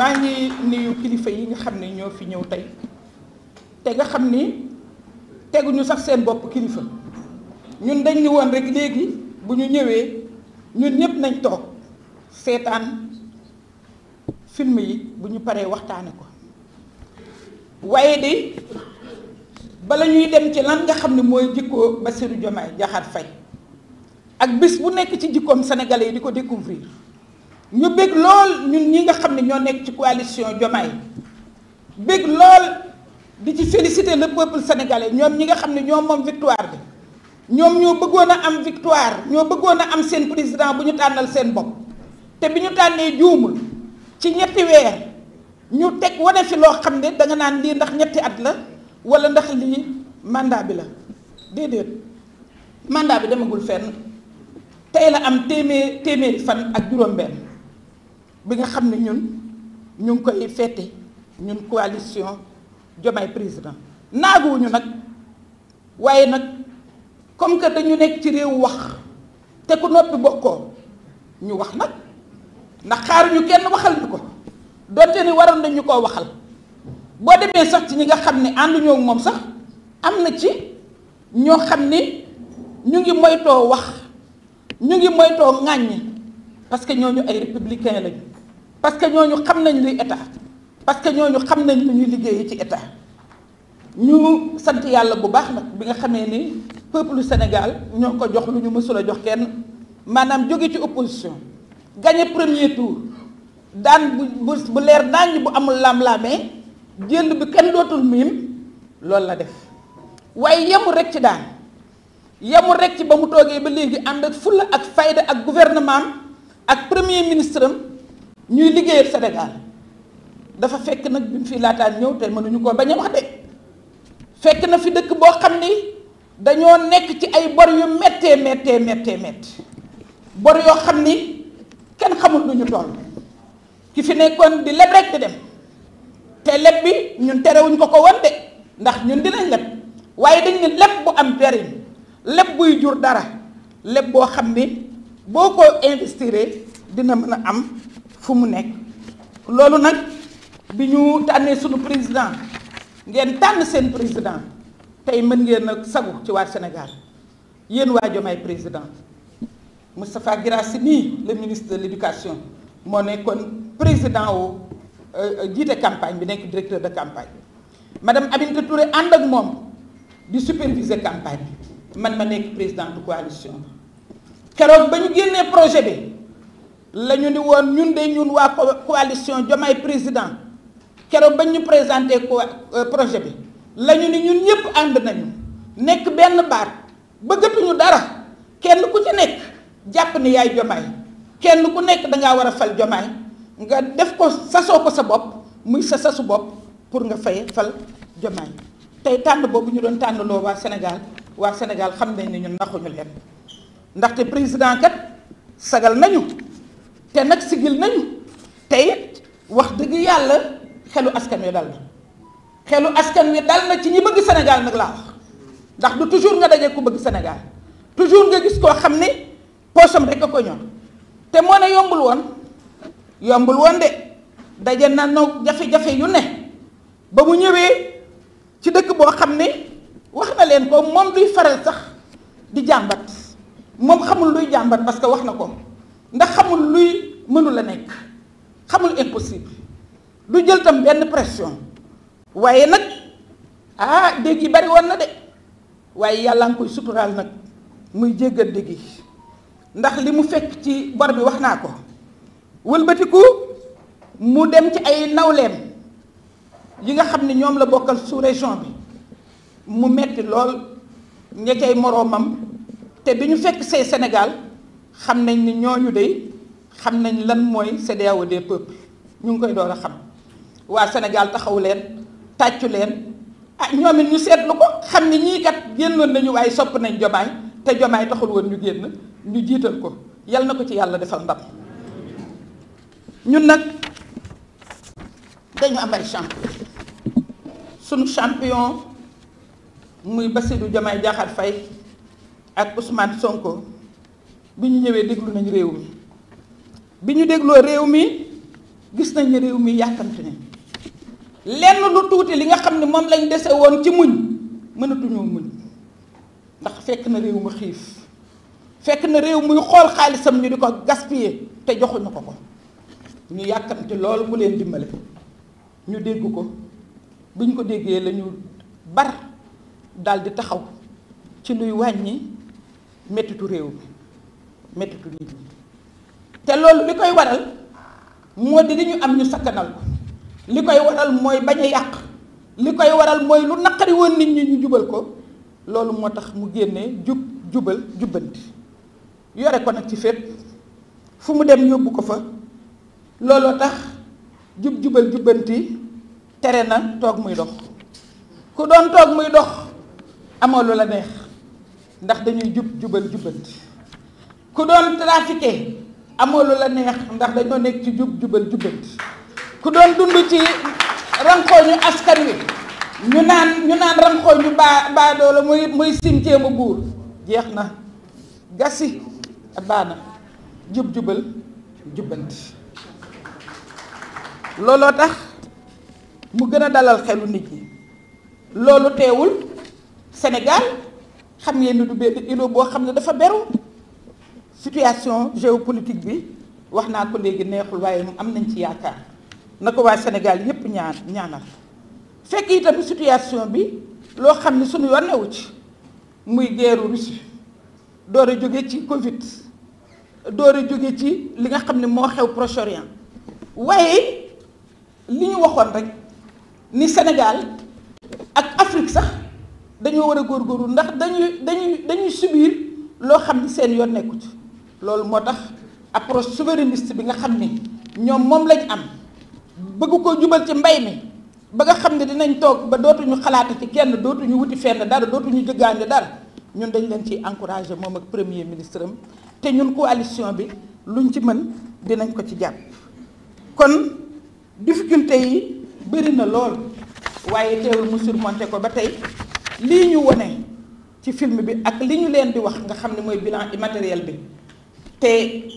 maa ngi nuyu kilifa yi nga xam ne ñoo fi ñëw tey te nga xam ni teguñu sax seen bopp kilifa ñun dañ ni woon rek léegi bu ñu ñëwee ñun ñëpp nañ toog seetaan film yi bu ñu paree waxtaane ko waaye de bala ñuy dem ci lan nga xam ne mooy jikkoo Bassirou Diomaye Diakhar Faye ak bis bu nekk ci jikkoom senegal yi di ko découvrir ñu bëgg lool ñu ñi nga xam ne ñoo nekk ci coalition Diomaye bëgg lool di ci féliciter le peuple sénégalais ñoom ñi nga xam ne ñoo moom victoire bi ñoom ñoo bëggoon a am victoire ñoo bëggoon a am seen président bu ñu tànnal seen bopp te bi ñu tànnee juumul ci ñetti weer ñu teg wane fi loo xam ne danga naan lii ndax ñetti at la walla ndax lii mandat bi la déedéet mandat bi demagul fenn tey la am téeméer téeméeri fan ak juróom-benn. bi nga xam ne ñun ñu ngi koy fête ñun coalition Diomaye président naaguwuñu nag waaye nag comme que dañu nekk ci réew wax te ku noppi bokkoo ñu wax nag ndax xaaruñu kenn waxal ñu ko donte ni waroon nañu koo waxal boo demee sax ci ñi nga xam ne ànduñoo ak moom sax am na ci ñoo xam ni ñu ngi moytoo wax ñu ngi moytoo ŋàññ parce que ñooñu ay républicain lañu parce que ñooñu xam nañ luy état parce que ñooñu xam nañ lu ñuy liggéeyee ci état ñu sant yàlla bu baax nag bi nga xamee ni peuple Sénégal ñoo ko jox lu ñu mësul a jox kenn maanaam jóge ci opposition gagné premier tour daan bu bu bu leer naññ bu amul lam laamee jënd bi kenn dootul miim loolu la def waaye yemul rek ci daan yemul rek ci ba mu toogee ba léegi ànd ak fulla ak fayda ak gouvernement am ak premier ministre am ñuy liggéeyal Sénégal dafa fekk nag bi fi laataan ñëw te mënuñu koo bañ a wax de fekk na fi dëkk boo xam ni dañoo nekk ci ay bor yu méttee méttee méttee métti bor yoo xam ni kenn xamul lu ñu toll ki fi nekkoon di leb rek di dem te leb bi ñun terewuñ ko ko woon de ndax ñun dinañ leb waaye dañ ne leb bu am njariñ leb buy jur dara leb boo xam ni boo ko investiree dina mën a am fu mu nekk loolu nag bi ñu tànnee sunu président ngeen tànn seen président tey mën ngeen nag sagu ci waat Sénégal yéen waa Diomaye président Moustapha Guirassy nii le ministre de l'éducation moo nekkoon président wu euh, jiite campagne bi nekk directeur de campagne madame Aminata Touré ànd ak moom di superviser campagne man ma nekk président de coalition keroog ba ñu génnee projet bi. la ñu ni woon ñun de ñun waa coalition Diomaye président keroog bañ ñu présenté ko euh, projet bi la ñu ni ñun ñëpp ànd nañu nekk benn baat bëggatuñu dara kenn ku ci nekk jàpp ni yaay Diomaye kenn ku nekk dangaa war a fal Diomaye nga def ko sasoo ko sa bopp muy sa sasu bopp pour nga fay fal Diomaye tey tànn boobu ñu doon tànnloo waa Sénégal waa Sénégal xam nañ ne ñun ndaxuñu leen ndaxte président kat sagal nañu te nag sigil nañu te it wax dëgg yàlla xelu askan wi dal na xelu askan wi dal na ci ñi bëgg senegal nag laa wax ndax du toujours nga daje ku bëgg senegal toujours nga gis koo xam ne poosam rek a ko ñor te moo ne yombul woon yombul woon de daje na no jafe-jafe yu ne ba mu ñëwee ci dëkk boo xam ne wax na leen ko moom duy faral sax di jàmbat moom xamul luy jàmbat parce que wax na koom ndax xamul luy mënula nekk xamul impossible du jël tam benn pression waaye nag ah dégg yi bari woon na de waaye yàlla nga koy suturaal nag muy jéggal dégg yi ndax li mu fekk ci bor bi wax naa ko wëlbatiku mu dem ci ay nawleem yi nga xam ni ñoom la bokkal su région bi mu metti lool ña cay moroomam te bi ñu fekk see Sénégal xam nañ ni ñooñu dey xam nañ lan mooy CEDEAO des peuples ñu ngi koy door a xam waa Sénégal taxaw leen tàccu leen ah ñoom it ñu seetlu ko xam ni ñii kat génnoon nañu waaye sopp nañ jomaay te jomaay taxul woon ñu génn ñu jiital ko yal na ko ci yàlla defal ndam ñun nag dañu am ay champion sunu champion muy Bassirou Diomaye Diakhar fay ak Ousmane Sonko. bi ñu ñëwee déglu nañ réew mi bi ñu dégloo réew mi gis nañ ne réew mi yàkkamti nañ lenn lu tuuti li nga xam ne moom lañ dese woon ci muñ mënatuñoo muñ ndax fekk na réew mu xiif fekk na réew muy xool xaalisam ñu di ko gaspiller te joxuñu ko ko ñu yàkkamti loolu mu leen dimbale ñu dégg ko bi ñu ko déggee lañu bar daldi taxaw ci luy wàññi mettitu réew mi méttitu nit ñi te loolu li koy waral moo di li am ñu sakkanal ko li koy waral mooy bañ a yàq li koy waral mooy lu naqari woon nit ñi ñu jubal ko loolu moo tax mu génnee jub jubal jubbanti yore ko nag ci fépp fu mu dem yóbbu ko fa looloo tax jub jubal jubbanti tere na toog muy dox ku doon toog muy dox amoo lu la neex ndax dañuy jub jubal jubbanti ku doon trafiqué amoo lu la neex ndax dañoo nekk ci jub jubal jubanti ku doon dund ci rankoo ñu askan wi ñu naan ñu naan rankoo ñu baa baadoola muy muy cimetière bu buur jeex na gasi baana jub jubal jubanti looloo tax mu gën a dalal xelu nit ñi loolu teewul senegal xam ngeen ni du benn îlot boo xam ne dafa beru situation géopolitique bi wax naa ko léegi neexul waaye am nañ ci yaakaar na ko waa Sénégal yépp ñaan ñaanal fekk itam situation bi loo xam ne suñu yoon newu ci muy guerre Russie door a jóge ci Covid door a jóge ci li nga xam ne moo xew Proche-Orient waaye li ñu waxoon rek ni Sénégal ak Afrique sax dañoo war a góor góorgóorlu ndax dañuy dañuy dañuy loo xam ne seen yoon nekku ci loolu moo tax approche souverainiste bi nga xam ni ñoom moom lañ am bëgg koo jubal ci mbay mi ba nga xam ne dinañ toog ba dootuñu xalaata ci kenn dootuñu wuti fenn dara dootuñu jëggaande dara ñun dañu leen ci encouragé moom ak premier ministre am te ñun coalition bi luñ ci mën dinañ ko ci jàpp kon difficulté yi bëri na lool waaye teewul mu ko ba tey lii ñu wone ci film bi ak li ñu leen di wax nga xam ne mooy bilan matériel bi te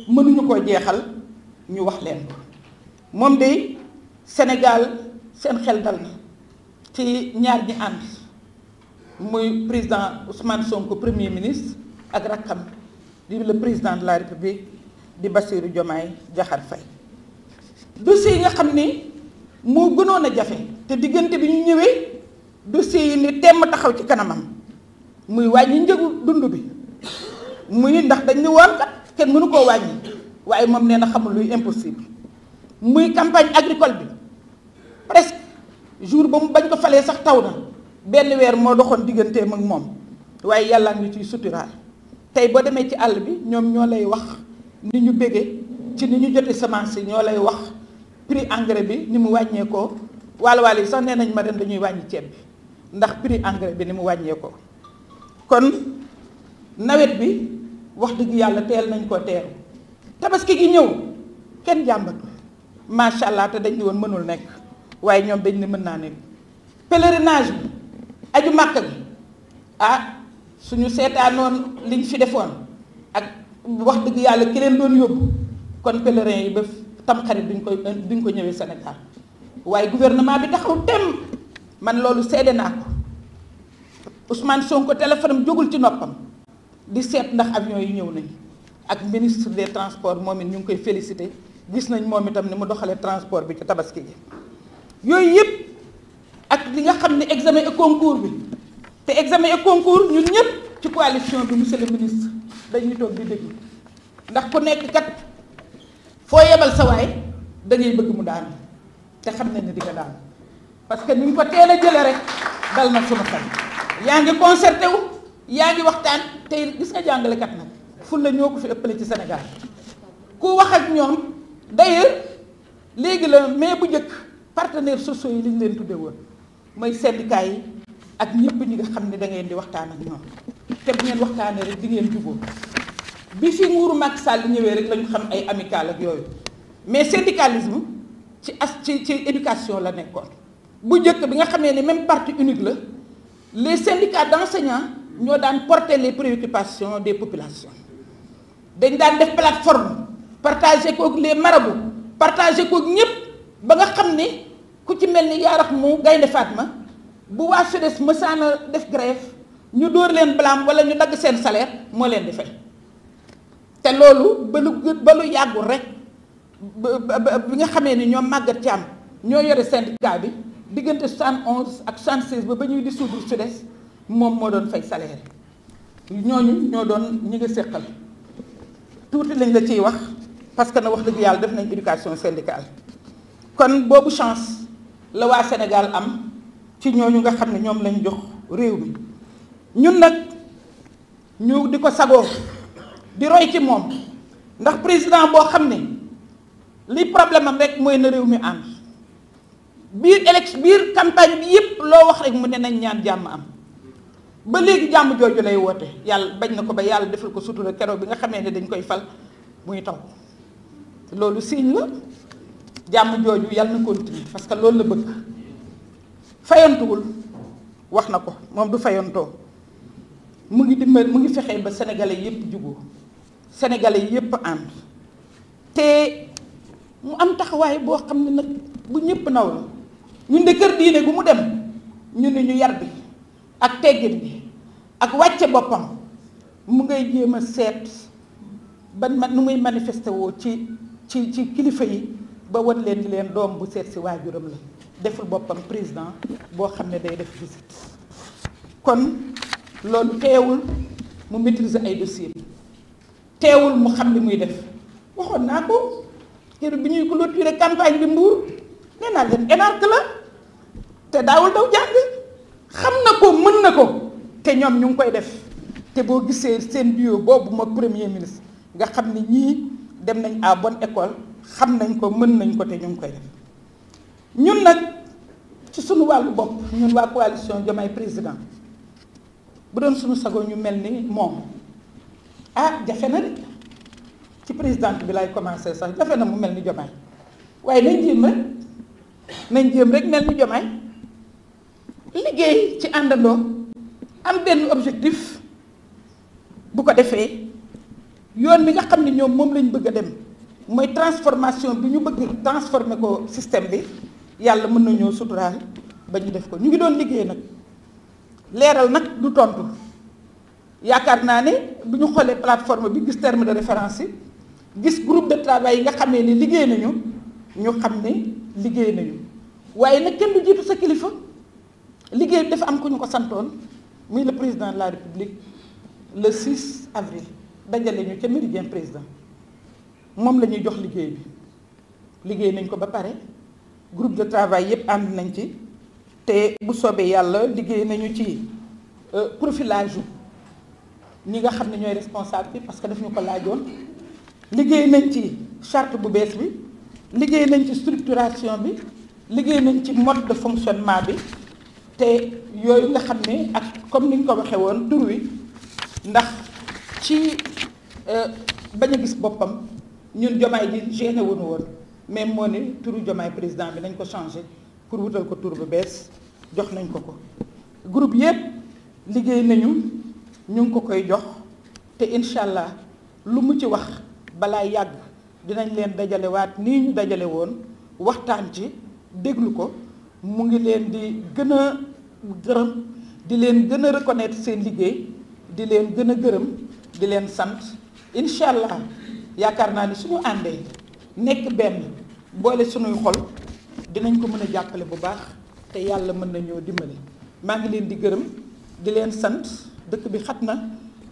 mënuñu ko jeexal ñu wax leen moom de Sénégal seen xel dal na ci ñaar ñi ànd muy président Ousmane Sonko premier ministre ak rakkam di le président de la République di basseru Diomaye Diakhar Faye dossier yi nga xam ni moo gënoon a jafe te diggante bi ñu ñëwee dossier yi ni temm taxaw ci kanamam muy wàññi njëgu dund bi muy ndax dañ ni kenn mënu koo wàññi waaye moom nee na xamul luy impossible muy campagne agricole bi presque jour ba mu bañ ko falee sax taw na benn weer moo doxoon digganteem ak moom waaye yàlla ngi ciy suturaal tey boo demee ci àll bi ñoom ñoo lay wax ni ñu bége ci ni ñu jotee semence yi ñoo lay wax prix engrais bi ni mu wàññeekoo waal waal yi sax nee nañ ma ren dañuy wàññi ceeb bi ndax prix engrais bi ni mu wàññeekoo kon nawet bi. wax dëgg yàlla teel nañ ko teeru tabaski gi ñëw kenn jàmbatu macha allah te dañ di woon mënul nekk waaye ñoom dañ ne mën naa nekk pèlerinage bi aju màkk bi ah suñu seetaanoon liñ fi defoon ak wax dëgg yàlla ki leen doon yóbbu kon pèlerin yi ba tamxarit duñ ko duñ ko ñëwee Sénégal waaye gouvernement bi taxaw tem man loolu seede naa ko Ousmane Sonko téléphone am jógul ci noppam. di seet ndax avion yi ñëw nañ ak ministre des transport moom it ñu ngi koy félicité gis nañ moom itam ni mu doxalee transport bi ci tabaski ji yooyu yëpp ak di nga xam ne examen et concours bi te examen et concours ñun ñëpp ci coalition bi monsieur le ministre dañuy toog di déglu ndax ku nekk kat foo yebal sa waay dañuy bëgg mu daan te xam nañ ni di nga daan parce que ni ñu ko teel a rek dal na sunu xel yaa ngi concerté wu yaa ngi waxtaan tey gis nga jàngalekat nag ful la ñoo ko fi ëppale ci senegal ku wax ak ñoom d'ailleurs léegi la mais bu njëkk partenaires sociaux yi liñ leen tudde woon mooy syndicat yi ak ñëpp ñi nga xam ne da ngeen di waxtaan ak ñoom te bu ngeen waxtaanee rek di ngeen jubóo bi fi nguuru Macky Sall ñëwee rek lañu xam ay amical ak yooyu mais syndicalisme ci as ci ci éducation la nekkoon bu njëkk bi nga xamee ne même parti unique la les syndicats d'enseignants ñoo daan porté le préoccupations des populations dañ daan def plateforme partager kook les bu partager kook ñëpp ba nga xam ne ku ci mel ni yaarax mu gaynde ma bu waa SUDES mësaana def grève ñu dóor leen blâme wala ñu dagg seen salaire moo leen di fay te loolu ba lu ba lu yàggul rek bi nga xamee ni ñoom màggat ci am ñoo yore syndicat bi diggante soixante onze ak soixante seize ba ba ñuy dissoudre des moom moo doon faj salaire ñooñu ñoo doon ñi nga séqal tuuti lañ la ciy wax parce que na wax dëgg yàlla def nañ éducation syndicale kon boobu chance la waa Sénégal am ci ñooñu nga xam ne ñoom lañu jox réew mi ñun nag ñu di ko sagoo di roy ci moom ndax président boo xam ne li problème am rek mooy na réew mi am biir élection biir campagne bi yëpp loo wax rek mu ne nañ ñaan jàmm am ba léegi jàmm jooju lay woote yàlla bañ na ko ba yàlla defal ko sutura keroog bi nga xamee ne dañ koy fal muy taw loolu signe la jàmm jooju yàlla na continuer parce que loolu la bëgg fayantuwul wax na ko moom du fayantoo mu ngi dimbal mu ngi fexee ba sénégalais yépp juboo sénégalais yépp ànd te mu am taxawaay boo xam ne nag bu ñépp naw la ñun de kër diine gu mu dem ñu ne ñu yar bi ak teggin bi ak wàcce boppam mu ngay jéem a seet ban man nu may manifesté woo ci ci ci kilifa yi ba wan leen di leen doom bu seet si waajuram la deful boppam président boo xam ne day def visite kon loolu teewul mu maîtriser ay dossier teewul mu xam li muy def waxoon naa ko kër bi ñuy clôturer campagne bi mbuur nee leen énarque la te daawul daw jàng xam na ko mën na ko te ñoom ñu ngi koy def te boo gisee seen bio boobu ma premier ministre nga xam ni ñii dem nañ à bonne xam nañ ko mën nañ ko te ñu ngi koy def ñun nag ci suñu wàllu bopp ñun waa coalition Diomaye président bu doon suñu sago ñu mel ni moom ah jafe na de ci présidente bi lay commencé sax jafe na mu mel ni Diomaye waaye nañ jéem rek nañ jéem rek mel ni Diomaye liggéey ci àndandoo am benn objectif bu ko defee yoon bi nga xam ne ñoom moom lañ bëgg a dem mooy transformation bi ñu bëgg transformer ko système bi yàlla mën nañoo suturaal ba ñu def ko ñu ngi doon liggéey nag leeral nag du tontu yaakaar naa ne bu ñu xoolee plateforme bi gis terme de référence yi gis groupe de travail yi nga xamee ni liggéey nañu ñu xam ne liggéey nañu waaye nag kenn du jiitu sa kilifa. liggéey bi dafa am ku ñu ko santoon muy le président de la république le 6 avril dajale ñu ca méridien président moom la ñuy jox liggéey bi liggéey nañ ko ba pare groupe de travail yëpp ànd nañ ci te bu soobee yàlla liggéey nañu ci euh, profilage yu ñi nga xam ne ñooy responsable bi parce que daf ñu ko laajoon liggéey nañ ci chart bu bees bi liggéey nañ ci structuration bi liggéey nañ ci mode de fonctionnement bi te yooyu nga xam ne ak comme ni nga ko waxee woon tur wi ndax ci euh, bañ a gis boppam ñun jomaay ji génne wuñu woon même moo ne turu jomaay président bi nañ ko changé pour wutal ko tur bu bees jox nañ ko ko groupe yëpp liggéey nañu ñu ngi ko koy jox te incha allah lu mu ci wax balaa yàgg dinañ leen dajalewaat nii ñu dajale woon waxtaan ci déglu ko mu ngi leen di gën gërëm di leen gën a reconnaître seen liggéey di leen gën a gërëm di leen sant incha allah yaakaar naa ni suñu àndee nekk benn boole suñuy xol dinañ ko mën a jàppale bu baax te yàlla mën nañoo dimbali maa ngi leen di gërëm di leen sant dëkk bi xat na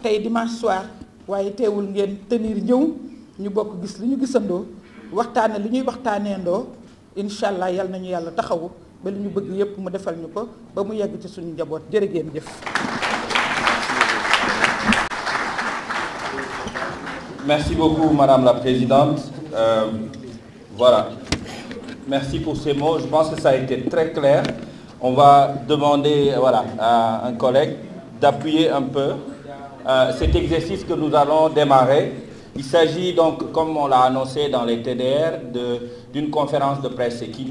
tey dimanche soir waaye teewul ngeen tenir ñëw ñu bokk gis lu ñu gisandoo waxtaane li ñuy waxtaaneendoo incha allah yal nañu yàlla taxawu ba li ñu bëgg yépp mu defal ko ba mu yegg ci suñu njaboot jërë ngeen jëf Merci beaucoup, Madame la Présidente. Euh, pour ces mots. Je pense que ça a été très clair. On va demander voilà, à un collègue d'appuyer un peu euh, cet exercice que nous allons démarrer. Il s'agit donc, comme on l'a annoncé dans les TDR, d'une conférence de presse équilibrée.